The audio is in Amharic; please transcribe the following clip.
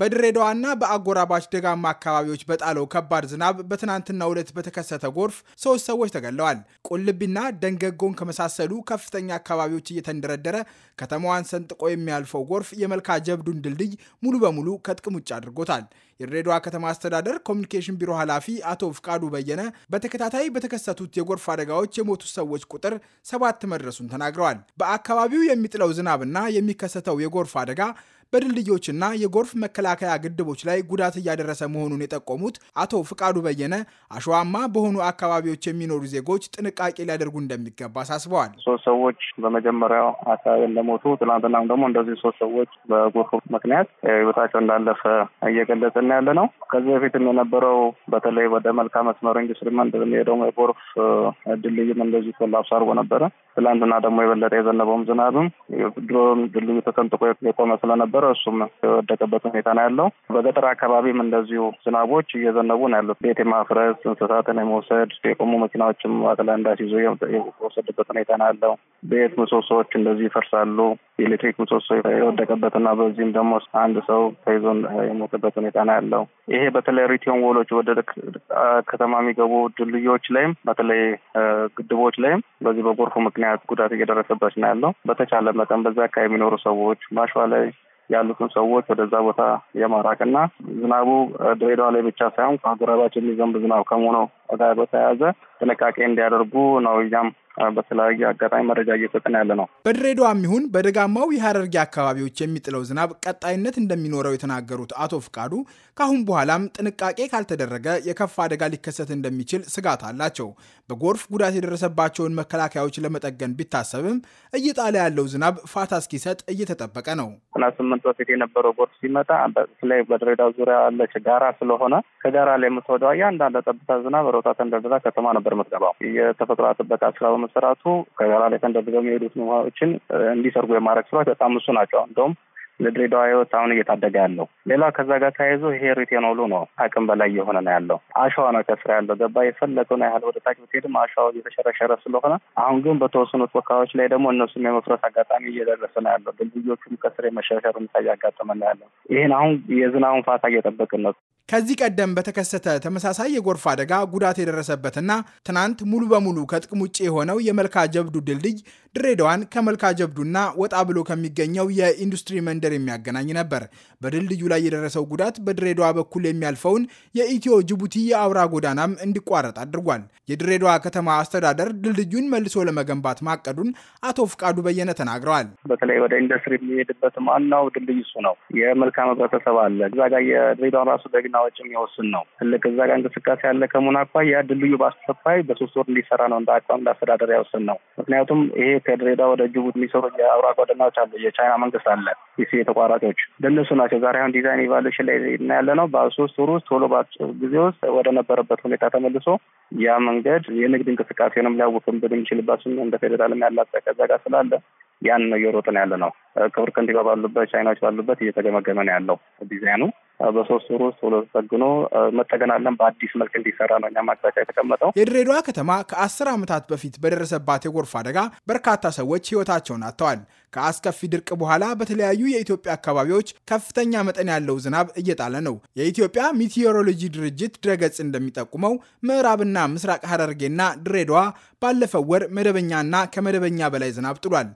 በድሬዳዋና በአጎራባች ደጋማ አካባቢዎች በጣለው ከባድ ዝናብ በትናንትናው ዕለት በተከሰተ ጎርፍ ሶስት ሰዎች ተገለዋል። ቁልቢና ደንገጎን ከመሳሰሉ ከፍተኛ አካባቢዎች እየተንደረደረ ከተማዋን ሰንጥቆ የሚያልፈው ጎርፍ የመልካ ጀብዱን ድልድይ ሙሉ በሙሉ ከጥቅም ውጭ አድርጎታል። የድሬዳዋ ከተማ አስተዳደር ኮሚኒኬሽን ቢሮ ኃላፊ አቶ ፍቃዱ በየነ በተከታታይ በተከሰቱት የጎርፍ አደጋዎች የሞቱ ሰዎች ቁጥር ሰባት መድረሱን ተናግረዋል። በአካባቢው የሚጥለው ዝናብና የሚከሰተው የጎርፍ አደጋ በድልድዮችና የጎርፍ መከላከያ ግድቦች ላይ ጉዳት እያደረሰ መሆኑን የጠቆሙት አቶ ፍቃዱ በየነ አሸዋማ በሆኑ አካባቢዎች የሚኖሩ ዜጎች ጥንቃቄ ሊያደርጉ እንደሚገባ አሳስበዋል። ሶስት ሰዎች በመጀመሪያው አካባቢ እንደሞቱ ትናንትናም ደግሞ እንደዚህ ሶስት ሰዎች በጎርፍ ምክንያት ህይወታቸው እንዳለፈ እየገለጽን ያለ ነው። ከዚህ በፊትም የነበረው በተለይ ወደ መልካ መስመር ኢንዱስትሪመንት የሚሄደው የጎርፍ ድልድይም እንደዚህ ኮላፕስ አድርጎ ነበረ። ትናንትና ደግሞ የበለጠ የዘነበውም ዝናብም ድሮ ድልድዩ ተሰንጥቆ የቆመ ስለነበረ ነበረ። እሱም የወደቀበት ሁኔታ ነው ያለው። በገጠር አካባቢም እንደዚሁ ዝናቦች እየዘነቡ ነው ያሉት። ቤት የማፍረስ እንስሳትን የመውሰድ የቆሙ መኪናዎችም አቅላንዳ ሲዞ የወሰድበት ሁኔታ ነው ያለው። ቤት ምሰሶዎች እንደዚህ ይፈርሳሉ። የኤሌክትሪክ ምሰሶ የወደቀበትና በዚህም ደግሞ አንድ ሰው ተይዞ የሞተበት ሁኔታ ነው ያለው። ይሄ በተለይ ሪቲዮን ወሎች ወደ ከተማ የሚገቡ ድልድዮች ላይም በተለይ ግድቦች ላይም በዚህ በጎርፉ ምክንያት ጉዳት እየደረሰበት ነው ያለው። በተቻለ መጠን በዚ አካባቢ የሚኖሩ ሰዎች ማሸዋ ላይ ያሉትን ሰዎች ወደዛ ቦታ የማራቅ የማራቅና ዝናቡ ድሬዳዋ ላይ ብቻ ሳይሆን ከአጎራባች የሚዘንብ ዝናብ ከመሆኑ ጋር በተያያዘ ጥንቃቄ እንዲያደርጉ ነው እኛም በተለያየ አጋጣሚ መረጃ እየሰጠን ያለ ነው። በድሬዳዋም ይሁን በደጋማው የሀረርጌ አካባቢዎች የሚጥለው ዝናብ ቀጣይነት እንደሚኖረው የተናገሩት አቶ ፍቃዱ ከአሁን በኋላም ጥንቃቄ ካልተደረገ የከፍ አደጋ ሊከሰት እንደሚችል ስጋት አላቸው። በጎርፍ ጉዳት የደረሰባቸውን መከላከያዎች ለመጠገን ቢታሰብም እየጣለ ያለው ዝናብ ፋታ እስኪሰጥ እየተጠበቀ ነው። ስና ስምንት በፊት የነበረው ጎርፍ ሲመጣ በተለይ በድሬዳዋ ዙሪያ ያለች ጋራ ስለሆነ ከጋራ ላይ የምትወደዋ እያንዳንድ ጠብታ ዝናብ ሮታ ተንደርድራ ከተማ ነበር የምትገባው የተፈጥሮ ጥበቃ ስራ መሰራቱ ከጋራ ላይ ተንደብድበው የሚሄዱት ውሃዎችን እንዲሰርጉ የማድረግ ስራዎች በጣም እሱ ናቸው። እንደውም ለድሬዳዋ ህይወት አሁን እየታደገ ያለው ሌላ ከዛ ጋር ተያይዞ ይሄ ሬቴኖሉ ነው አቅም በላይ የሆነ ነው ያለው። አሸዋ ነው ከስራ ያለው ገባ የፈለገውን ያህል ወደ ታች ብትሄድም አሸዋው እየተሸረሸረ ስለሆነ፣ አሁን ግን በተወሰኑ ፎካዎች ላይ ደግሞ እነሱም የመፍረስ አጋጣሚ እየደረሰ ነው ያለው። ድልድዮቹም ከስር የመሸረሸሩ ምታ እያጋጠመ ነው ያለው። ይህን አሁን የዝናቡን ፋታ እየጠበቅን ነው። ከዚህ ቀደም በተከሰተ ተመሳሳይ የጎርፍ አደጋ ጉዳት የደረሰበትና ትናንት ሙሉ በሙሉ ከጥቅም ውጭ የሆነው የመልካ ጀብዱ ድልድይ ድሬዳዋን ከመልካ ጀብዱና ወጣ ብሎ ከሚገኘው የኢንዱስትሪ መንደር የሚያገናኝ ነበር። በድልድዩ ላይ የደረሰው ጉዳት በድሬዳዋ በኩል የሚያልፈውን የኢትዮ ጅቡቲ የአውራ ጎዳናም እንዲቋረጥ አድርጓል። የድሬዳዋ ከተማ አስተዳደር ድልድዩን መልሶ ለመገንባት ማቀዱን አቶ ፍቃዱ በየነ ተናግረዋል። በተለይ ወደ ኢንዱስትሪ የሚሄድበት ዋናው ድልድይ እሱ ነው። የመልካም ህብረተሰብ አለ እዛ ጋር የድሬዳዋን ራሱ ደግና ወጪ የሚወስን ነው። ትልቅ እዛ ጋር እንቅስቃሴ ያለ ከመሆን አኳያ ያ ድልድዩ በአስቸኳይ በሶስት ወር እንዲሰራ ነው እንደ አቋም እንደ አስተዳደር ያወስን ነው። ምክንያቱም ይሄ ከድሬዳዋ ወደ ጅቡቲ የሚሰሩ የአውራ ጎዳናዎች አሉ። የቻይና መንግስት አለ የሲ ተቋራጮች ለእነሱ ናቸው ዛሬ አሁን ዲዛይን ኢቫሉሽን ላይ እና ያለ ነው። በሶስት ወር ውስጥ ቶሎ በአጭር ጊዜ ውስጥ ወደ ነበረበት ሁኔታ ተመልሶ ያ መንገድ የንግድ እንቅስቃሴንም ሊያውቅም ብንችልባትም እንደ ፌዴራልም ያላት ከዛ ጋር ስላለ ያን ነው እየሮጥን ያለ ነው። ክብር ከንቲባ ባሉበት ቻይናዎች ባሉበት እየተገመገመ ነው ያለው ዲዛይኑ በሶስት ወር ውስጥ ሁለት ጠግኖ መጠገን አለን በአዲስ መልክ እንዲሰራ ነው እኛ አቅጣጫ የተቀመጠው። የድሬዳዋ ከተማ ከአስር ዓመታት በፊት በደረሰባት የጎርፍ አደጋ በርካታ ሰዎች ህይወታቸውን አጥተዋል። ከአስከፊ ድርቅ በኋላ በተለያዩ የኢትዮጵያ አካባቢዎች ከፍተኛ መጠን ያለው ዝናብ እየጣለ ነው። የኢትዮጵያ ሚቴዎሮሎጂ ድርጅት ድረገጽ እንደሚጠቁመው ምዕራብና ምስራቅ ሀረርጌና ድሬዳዋ ባለፈው ወር መደበኛና ከመደበኛ በላይ ዝናብ ጥሏል።